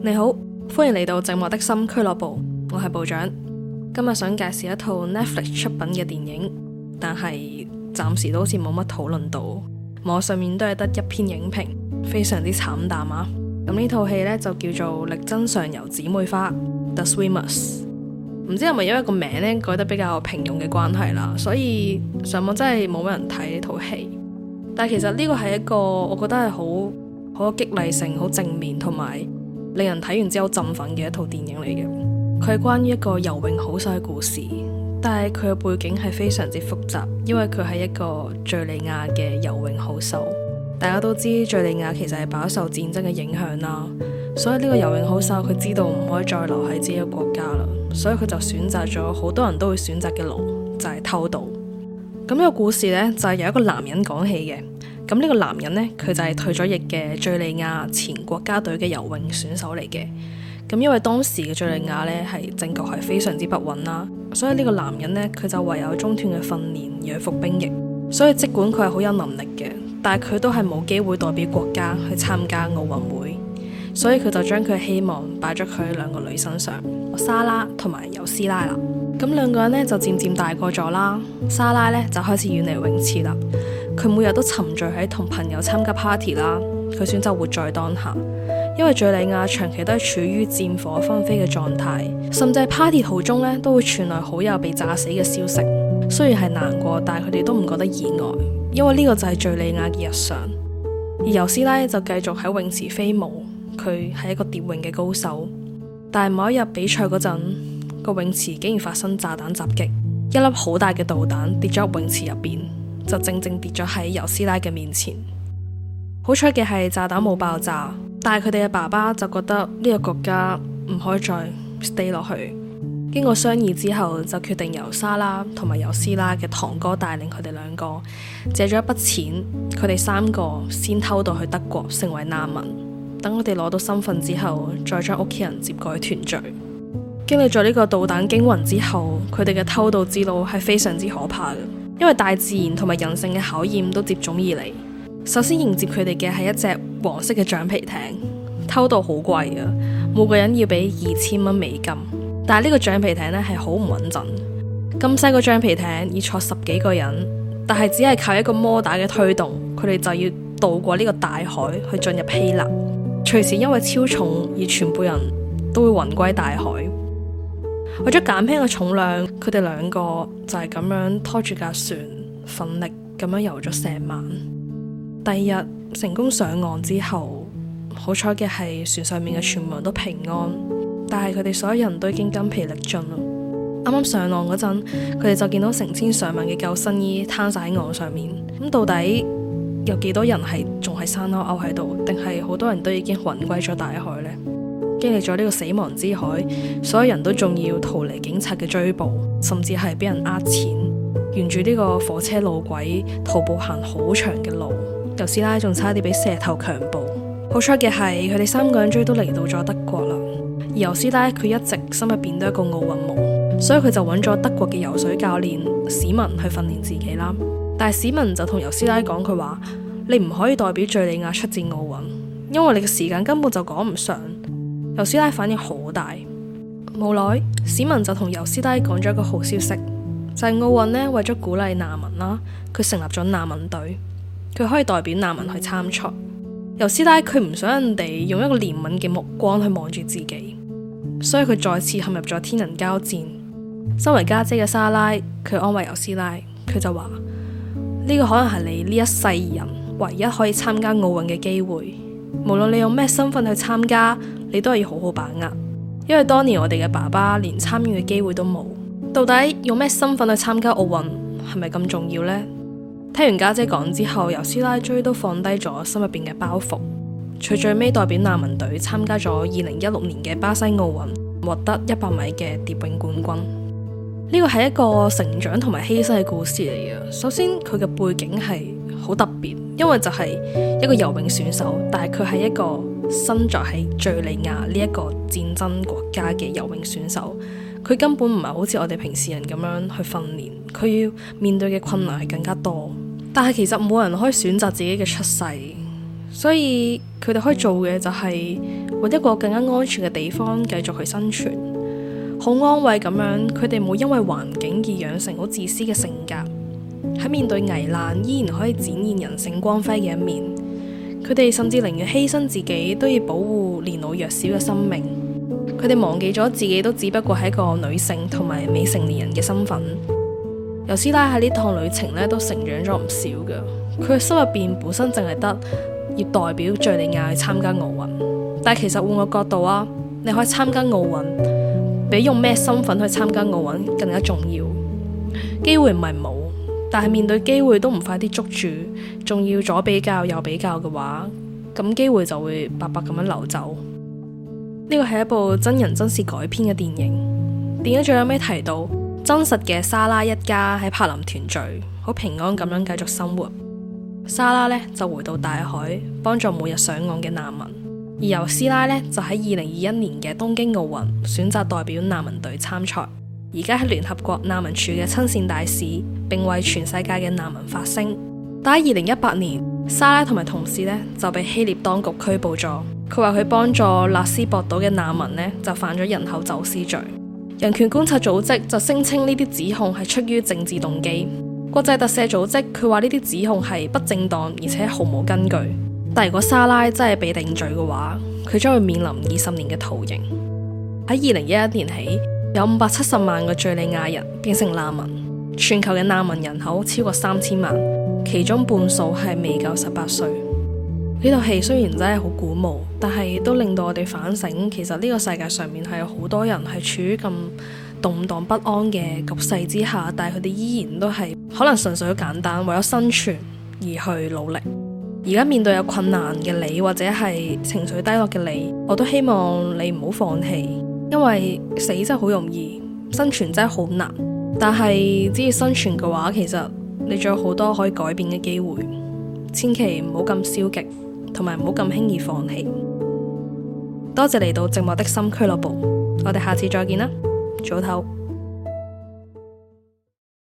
你好，歡迎嚟到寂寞的心俱樂部。我係部長，今日想介紹一套 Netflix 出品嘅電影，但係暫時都好似冇乜討論到，網上面都係得一篇影評，非常之慘淡啊。咁呢套戲呢就叫做《力爭上游姊妹花》The Swimmers，唔知係咪因為個名呢改得比較平庸嘅關係啦，所以上網真係冇乜人睇呢套戲。但其實呢個係一個我覺得係好好激勵性、好正面同埋，令人睇完之後振奮嘅一套電影嚟嘅，佢係關於一個游泳好手嘅故事，但係佢嘅背景係非常之複雜，因為佢係一個敘利亞嘅游泳好手。大家都知敘利亞其實係飽受戰爭嘅影響啦，所以呢個游泳好手佢知道唔可以再留喺呢個國家啦，所以佢就選擇咗好多人都會選擇嘅路，就係偷渡。咁呢個故事呢，就係由一個男人講起嘅。咁呢個男人呢，佢就係退咗役嘅敘利亞前國家隊嘅游泳選手嚟嘅。咁因為當時嘅敘利亞呢，係政局係非常之不穩啦，所以呢個男人呢，佢就唯有中斷嘅訓練而去服兵役。所以即管佢係好有能力嘅，但係佢都係冇機會代表國家去參加奧運會。所以佢就將佢嘅希望擺咗佢兩個女身上，沙拉同埋尤斯拉啦。咁兩個人呢，就漸漸大個咗啦，沙拉呢，就開始遠離泳池啦。佢每日都沉醉喺同朋友參加 party 啦，佢選擇活在當下，因為敘利亞長期都係處於戰火紛飛嘅狀態，甚至 party 途中呢都會傳來好友被炸死嘅消息。雖然係難過，但係佢哋都唔覺得意外，因為呢個就係敘利亞嘅日常。而尤斯拉就繼續喺泳池飛舞，佢係一個蝶泳嘅高手。但係某一日比賽嗰陣，個泳池竟然發生炸彈襲擊，一粒好大嘅導彈跌咗入泳池入邊。就正正跌咗喺尤斯拉嘅面前。好彩嘅係炸彈冇爆炸，但係佢哋嘅爸爸就覺得呢個國家唔可以再 stay 落去。經過商議之後，就決定由莎拉同埋尤斯拉嘅堂哥帶領佢哋兩個借咗一筆錢，佢哋三個先偷渡去德國成為難民。等我哋攞到身份之後，再將屋企人接過去團聚。經歷咗呢個導彈驚魂之後，佢哋嘅偷渡之路係非常之可怕嘅。因為大自然同埋人性嘅考驗都接踵而嚟。首先迎接佢哋嘅係一隻黃色嘅橡皮艇，偷渡好貴噶，每個人要俾二千蚊美金。但係呢個橡皮艇咧，係好唔穩陣，咁細個橡皮艇已坐十幾個人，但係只係靠一個摩打嘅推動，佢哋就要渡過呢個大海去進入希臘。隨時因為超重而全部人都會魂歸大海。為咗減輕個重量，佢哋兩個就係咁樣拖住架船，奮力咁樣游咗成晚。第二日成功上岸之後，好彩嘅係船上面嘅船員都平安，但係佢哋所有人都已經筋疲力盡啦。啱啱上岸嗰陣，佢哋就見到成千上萬嘅救生衣攤曬喺岸上面。咁到底有幾多人係仲係生勾勾喺度，定係好多人都已經魂歸咗大海呢？經歷咗呢個死亡之海，所有人都仲要逃離警察嘅追捕，甚至係俾人呃錢。沿住呢個火車路軌徒步行好長嘅路，尤斯拉仲差啲俾蛇頭強暴。好彩嘅係，佢哋三個人終於都嚟到咗德國啦。而尤斯拉佢一直心入邊都一個奧運夢，所以佢就揾咗德國嘅游水教練史文去訓練自己啦。但係史文就同尤斯拉講，佢話你唔可以代表敘利亞出戰奧運，因為你嘅時間根本就趕唔上。尤斯拉反應好大，無奈，史文就同尤斯拉講咗一個好消息，就係、是、奧運呢為咗鼓勵難民啦，佢成立咗難民隊，佢可以代表難民去參賽。尤斯拉佢唔想人哋用一個憐憫嘅目光去望住自己，所以佢再次陷入咗天人交戰。身為家姐嘅莎拉，佢安慰尤斯拉，佢就話呢、這個可能係你呢一世人唯一可以參加奧運嘅機會。無論你用咩身份去參加，你都係要好好把握，因為當年我哋嘅爸爸連參與嘅機會都冇。到底用咩身份去參加奧運係咪咁重要呢？聽完家姐講之後，由師奶追都放低咗心入邊嘅包袱，佢最尾代表難民隊參加咗二零一六年嘅巴西奧運，獲得一百米嘅蝶泳冠軍。呢個係一個成長同埋犧牲嘅故事嚟嘅。首先佢嘅背景係。好特別，因為就係一個游泳選手，但係佢係一個身在喺敘利亞呢一個戰爭國家嘅游泳選手，佢根本唔係好似我哋平時人咁樣去訓練，佢要面對嘅困難係更加多。但係其實冇人可以選擇自己嘅出世，所以佢哋可以做嘅就係揾一個更加安全嘅地方繼續去生存，好安慰咁樣，佢哋冇因為環境而養成好自私嘅性格。喺面對危難，依然可以展現人性光輝嘅一面。佢哋甚至寧願犧牲自己，都要保護年老弱小嘅生命。佢哋忘記咗自己都只不過係一個女性同埋未成年人嘅身份。尤斯拉喺呢趟旅程咧，都成長咗唔少噶。佢嘅心入邊本身淨係得要代表敘利亞去參加奧運，但其實換個角度啊，你可以參加奧運，比用咩身份去參加奧運更加重要。機會唔係冇。但係面對機會都唔快啲捉住，仲要左比較右比較嘅話，咁機會就會白白咁樣流走。呢個係一部真人真事改編嘅電影。電影最後尾提到，真實嘅莎拉一家喺柏林團聚，好平安咁樣繼續生活。莎拉呢就回到大海，幫助每日上岸嘅難民。而由師奶呢就喺二零二一年嘅東京奧運，選擇代表難民隊參賽。而家喺聯合國難民署嘅親善大使，並為全世界嘅難民發聲。但喺二零一八年，莎拉同埋同事呢就被希臘當局拘捕咗。佢話佢幫助勒斯博島嘅難民呢就犯咗人口走私罪。人權觀察組織就聲稱呢啲指控係出於政治動機。國際特赦組織佢話呢啲指控係不正當而且毫無根據。但如果莎拉真係被定罪嘅話，佢將會面臨二十年嘅徒刑。喺二零一一年起，有五百七十萬嘅敘利亞人變成難民，全球嘅難民人口超過三千萬，其中半數係未夠十八歲。呢套戲雖然真係好鼓舞，但係都令到我哋反省，其實呢個世界上面係有好多人係處於咁動盪不安嘅局勢之下，但係佢哋依然都係可能純粹好簡單為咗生存而去努力。而家面對有困難嘅你，或者係情緒低落嘅你，我都希望你唔好放棄。因為死真係好容易，生存真係好難。但係，只要生存嘅話，其實你仲有好多可以改變嘅機會。千祈唔好咁消極，同埋唔好咁輕易放棄。多謝嚟到寂寞的心俱樂部，我哋下次再見啦，早唞。